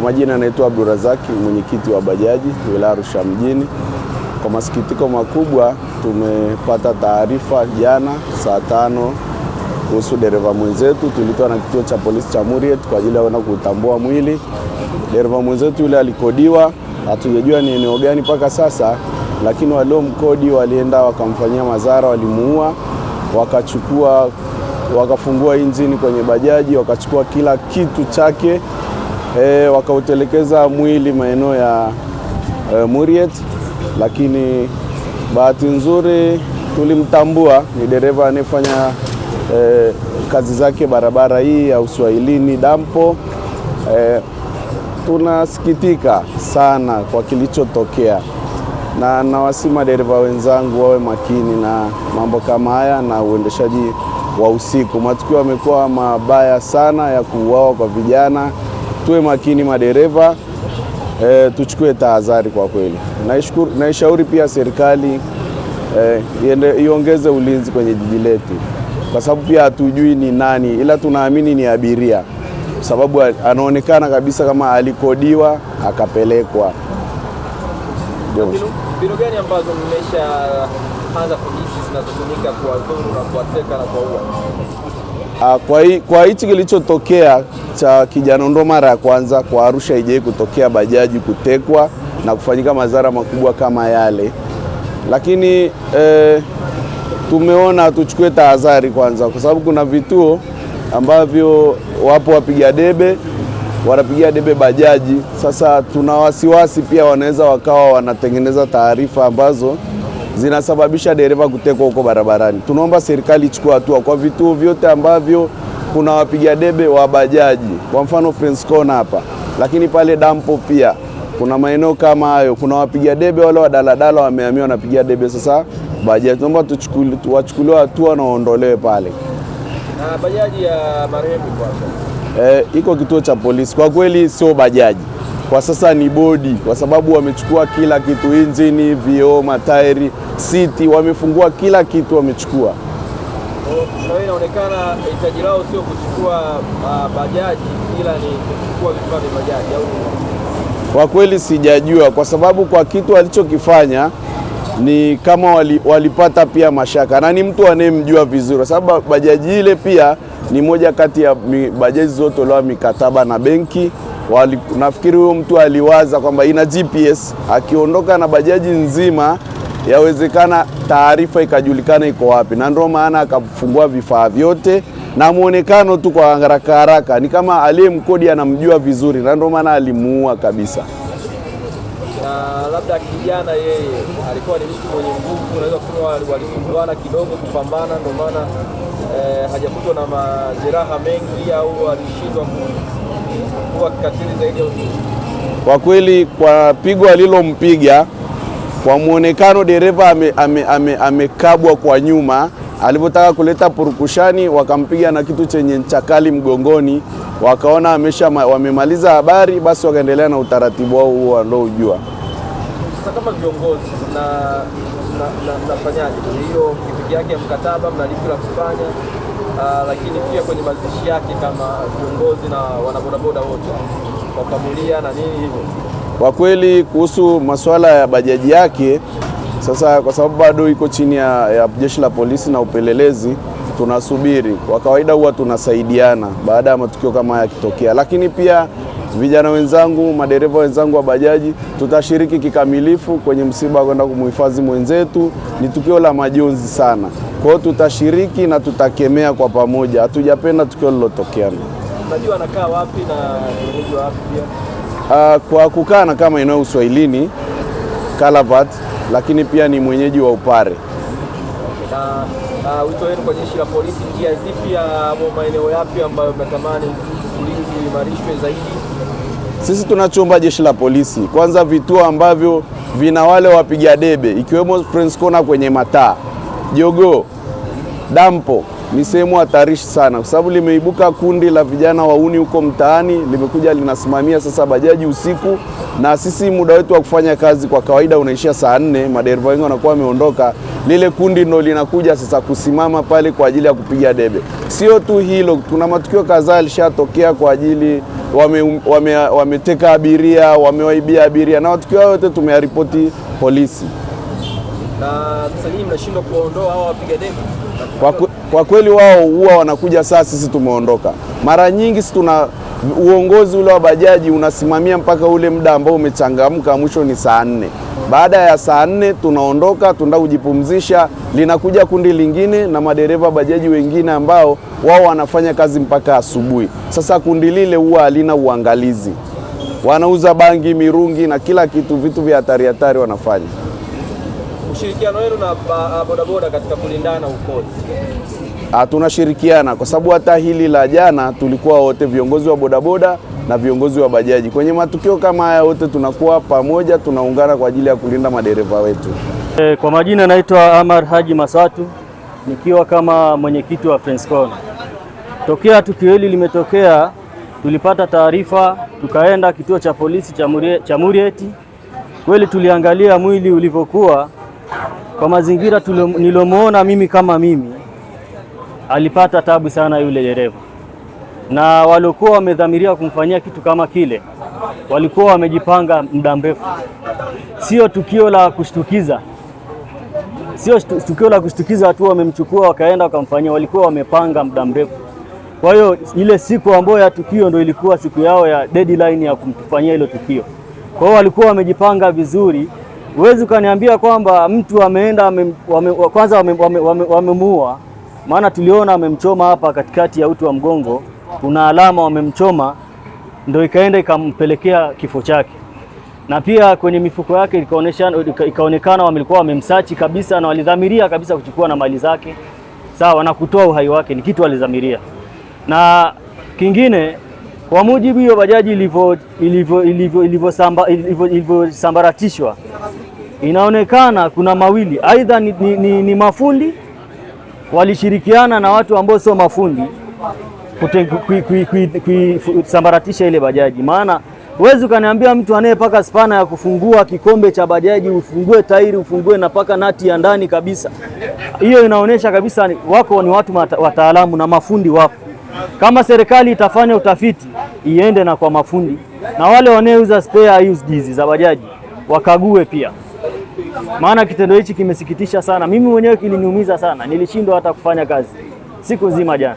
Kwa majina anaitwa Abdurazaki, mwenyekiti wa bajaji wilaya Arusha mjini. Kwa masikitiko makubwa, tumepata taarifa jana saa tano kuhusu dereva mwenzetu. Tulitoa na kituo cha polisi cha Muriet kwa ajili ya kwenda kutambua mwili dereva mwenzetu. Yule alikodiwa, hatujajua ni eneo gani mpaka sasa, lakini waliomkodi walienda wakamfanyia madhara, walimuua, wakachukua wakafungua injini kwenye bajaji, wakachukua kila kitu chake e, wakautelekeza mwili maeneo ya e, Muriet, lakini bahati nzuri tulimtambua ni dereva anayefanya e, kazi zake barabara hii ya Uswahilini dampo. E, tunasikitika sana kwa kilichotokea na nawasima dereva wenzangu wawe makini na mambo kama haya na uendeshaji wa usiku. Matukio yamekuwa mabaya sana ya kuuawa kwa vijana tuwe makini madereva e, tuchukue tahadhari kwa kweli. naishauri pia serikali e, iongeze ulinzi kwenye jiji letu, kwa sababu pia hatujui ni nani, ila tunaamini ni abiria, sababu anaonekana kabisa kama alikodiwa akapelekwa. Mbinu gani ambazo mmeshaanza kuhisi zinazotumika kuwadhuru na kuwateka na kuwaua? Ah, kwa hichi kilichotokea cha Kijana ndo mara ya kwanza kwa Arusha, haijai kutokea bajaji kutekwa na kufanyika madhara makubwa kama yale, lakini eh, tumeona tuchukue tahadhari kwanza, kwa sababu kuna vituo ambavyo wapo wapiga debe wanapigia debe bajaji. Sasa tuna wasiwasi pia wanaweza wakawa wanatengeneza taarifa ambazo zinasababisha dereva kutekwa huko barabarani. Tunaomba serikali ichukue hatua kwa vituo vyote ambavyo kuna wapiga debe wa bajaji, kwa mfano Fence Corner hapa, lakini pale dampo pia kuna maeneo kama hayo, kuna wapiga debe wale wa daladala wamehamia, wanapiga debe sasa bajaji. Tunaomba wachukuliwe hatua na waondolewe pale. Na bajaji ya marehemu kwanza, eh, iko kituo cha polisi, kwa kweli sio bajaji kwa sasa ni bodi, kwa sababu wamechukua kila kitu, injini, vioo, matairi, siti, wamefungua kila kitu, wamechukua kwa inaonekana hitaji lao sio kuchukua uh, bajaji ila ni kuchukua vifaa vya bajaji au kwa kweli sijajua, kwa sababu kwa kitu alichokifanya ni kama wali, walipata pia mashaka na ni mtu anayemjua vizuri, kwa sababu bajaji ile pia ni moja kati ya bajaji zilizotolewa mikataba na benki Wali, nafikiri huyo mtu aliwaza kwamba ina GPS, akiondoka na bajaji nzima yawezekana taarifa ikajulikana iko wapi, na ndio maana akafungua vifaa vyote na mwonekano tu kwa haraka haraka, ni kama aliyemkodi anamjua vizuri, na ndio maana alimuua kabisa labda kijana yeye alikuwa ni mtu mwenye nguvu, unaweza kusema walisumbuana kidogo kupambana, ndio maana eh, hajakutwa na majeraha mengi au alishindwa kuwa kikatili zaidi. Kwa kweli kwa pigo alilompiga kwa muonekano dereva amekabwa ame, ame, ame kwa nyuma alivyotaka kuleta purukushani, wakampiga na kitu chenye ncha kali mgongoni, wakaona amesha wamemaliza habari, basi wakaendelea na utaratibu wao huo wanaojua. Sasa kama viongozi mnafanyaje na, na, na hiyo kipigi yake ya mkataba mna la kufanya? Uh, lakini pia kwenye mazishi yake kama viongozi na wanabodaboda wote kwa familia na nini hivyo. Kwa kweli kuhusu masuala ya bajaji yake sasa, kwa sababu bado iko chini ya, ya jeshi la polisi na upelelezi, tunasubiri. Kwa kawaida huwa tunasaidiana baada ya matukio kama yakitokea, lakini pia Vijana wenzangu, madereva wenzangu wa bajaji, tutashiriki kikamilifu kwenye msiba wa kwenda kumhifadhi mwenzetu. Ni tukio la majonzi sana, kwa hiyo tutashiriki na tutakemea kwa pamoja. Hatujapenda tukio lilotokea. Unajua anakaa wapi na wapi pia? Uh, kwa kukaa na kama eneo Uswahilini Kalavat, lakini pia ni mwenyeji wa Upare. Na wito wenu kwa jeshi la polisi, njia zipi au maeneo yapi ambayo mnatamani ulinzi uimarishwe zaidi? Sisi tunachoomba jeshi la polisi, kwanza vituo ambavyo vina wale wapiga debe ikiwemo Friends Corner kwenye mataa Jogoo, dampo ni sehemu hatarishi sana, kwa sababu limeibuka kundi la vijana wauni huko mtaani, limekuja linasimamia sasa bajaji usiku, na sisi muda wetu wa kufanya kazi kwa kawaida unaishia saa nne, madereva wengi wanakuwa wameondoka. Lile kundi ndo linakuja sasa kusimama pale kwa ajili ya kupiga debe. Sio tu hilo, kuna matukio kadhaa yalishatokea kwa ajili wameteka wame, wame abiria wamewaibia abiria, na matukio hayo yote tumeyaripoti polisi. Na sasa nyinyi mnashindwa kuondoa hao wapiga demo? Kwa, kwa kweli wao huwa wanakuja saa sisi tumeondoka. Mara nyingi si tuna uongozi ule wa bajaji unasimamia mpaka ule muda ambao umechangamka, mwisho ni saa nne. Baada ya saa nne tunaondoka tunda kujipumzisha. Linakuja kundi lingine na madereva bajaji wengine ambao wao wanafanya kazi mpaka asubuhi. Sasa kundi lile huwa halina uangalizi, wanauza bangi, mirungi na kila kitu, vitu vya hatari hatari wanafanya. Ushirikiano wenu na bodaboda katika kulindana ukoje? Ah, tunashirikiana kwa sababu hata hili la jana tulikuwa wote viongozi wa bodaboda na viongozi wa bajaji. Kwenye matukio kama haya, wote tunakuwa pamoja, tunaungana kwa ajili ya kulinda madereva wetu. E, kwa majina naitwa Amar Haji Masatu nikiwa kama mwenyekiti wa Friendscon. Tokea tukio hili limetokea, tulipata taarifa, tukaenda kituo cha polisi cha Murieti. Kweli tuliangalia mwili ulivyokuwa kwa mazingira nilomuona mimi, kama mimi alipata tabu sana yule dereva na waliokuwa wamedhamiria kumfanyia kitu kama kile walikuwa wamejipanga muda mrefu. Sio tukio la kushtukiza, sio tukio la kushtukiza, watu wamemchukua wakaenda wakamfanyia, walikuwa wamepanga muda mrefu. Kwa hiyo ile siku ambayo ya tukio ndio ilikuwa siku yao ya deadline ya kumfanyia hilo tukio. Kwa hiyo walikuwa wamejipanga vizuri. Huwezi ukaniambia kwamba mtu ameenda wame, wame, kwanza wamemuua wame, wame, maana tuliona amemchoma hapa katikati ya uti wa mgongo kuna alama wamemchoma, ndio ikaenda ikampelekea kifo chake. Na pia kwenye mifuko yake ikaonesha, ikaonekana wamelikuwa wamemsachi kabisa na walidhamiria kabisa kuchukua na mali zake, sawa na kutoa uhai wake, ni kitu walidhamiria. Na kingine kwa mujibu hiyo bajaji ilivyosambaratishwa inaonekana kuna mawili, aidha ni, ni, ni, ni mafundi walishirikiana na watu ambao sio mafundi kuisambaratisha ile bajaji. Maana huwezi ukaniambia mtu anayepaka spana ya kufungua kikombe cha bajaji ufungue tairi ufungue na paka nati ya ndani kabisa. Hiyo inaonyesha kabisa wako ni watu wataalamu na mafundi wapo. Kama serikali itafanya utafiti iende na kwa mafundi na wale wanaouza spare used hizi za bajaji wakague pia, maana kitendo hichi kimesikitisha sana. Mimi mwenyewe kiliniumiza sana, nilishindwa hata kufanya kazi siku nzima jana,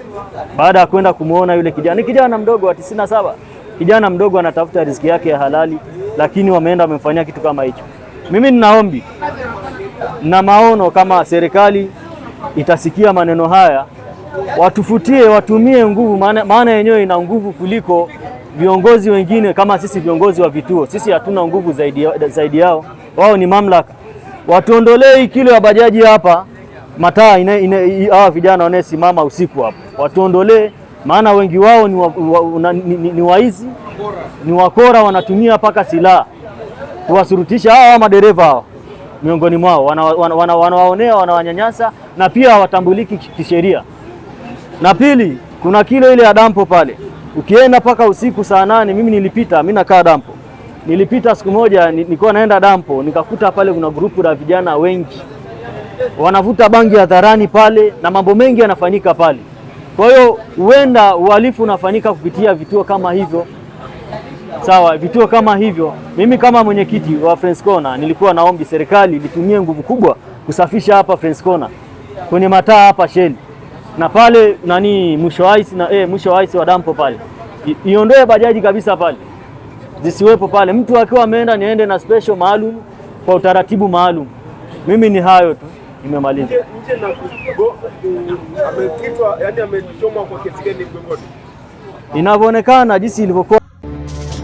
baada ya kwenda kumwona yule kijana. Ni kijana mdogo wa tisini na saba, kijana mdogo anatafuta riziki yake ya halali, lakini wameenda wamemfanyia kitu kama hicho. Mimi ninaombi na maono, kama serikali itasikia maneno haya watufutie, watumie nguvu, maana yenyewe ina nguvu kuliko viongozi wengine. Kama sisi viongozi wa vituo, sisi hatuna nguvu zaidi, zaidi yao. Wao ni mamlaka, watuondolee kilo ya bajaji hapa mataa hawa vijana wanayesimama usiku hapo watuondolee, maana wengi wao ni, wa, wa, ni, ni, ni waizi ni wakora, wanatumia mpaka silaha kuwasurutisha hawa madereva hawa miongoni mwao wanawaonea wana, wana, wana wanawanyanyasa na pia hawatambuliki kisheria. Na pili, kuna kile ile ya dampo pale, ukienda mpaka usiku saa nane. Mimi nilipita, mimi nakaa dampo, nilipita siku moja nilikuwa naenda dampo, nikakuta pale kuna grupu la vijana wengi wanavuta bangi hadharani pale na mambo mengi yanafanyika pale. Kwa hiyo huenda uhalifu unafanyika kupitia vituo kama hivyo. Sawa, vituo kama hivyo, mimi kama mwenyekiti wa Friends Corner nilikuwa naombi serikali litumie nguvu kubwa kusafisha hapa Friends Corner kwenye mataa hapa Shell na pale nani mwisho wa ice na eh, mwisho wa ice wa dampo pale, iondoe bajaji kabisa pale, zisiwepo pale. Mtu akiwa ameenda niende na special maalum kwa utaratibu maalum. Mimi ni hayo tu. Nimemaliza nje na kugo eh, amekitwa, yani amechomwa kwa kesi gani mgongoni, inavyoonekana jinsi ilivyokuwa.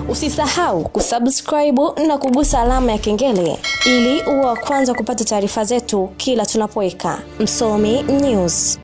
Usisahau kusubscribe na kugusa alama ya kengele ili uwe wa kwanza kupata taarifa zetu kila tunapoweka Msomi News.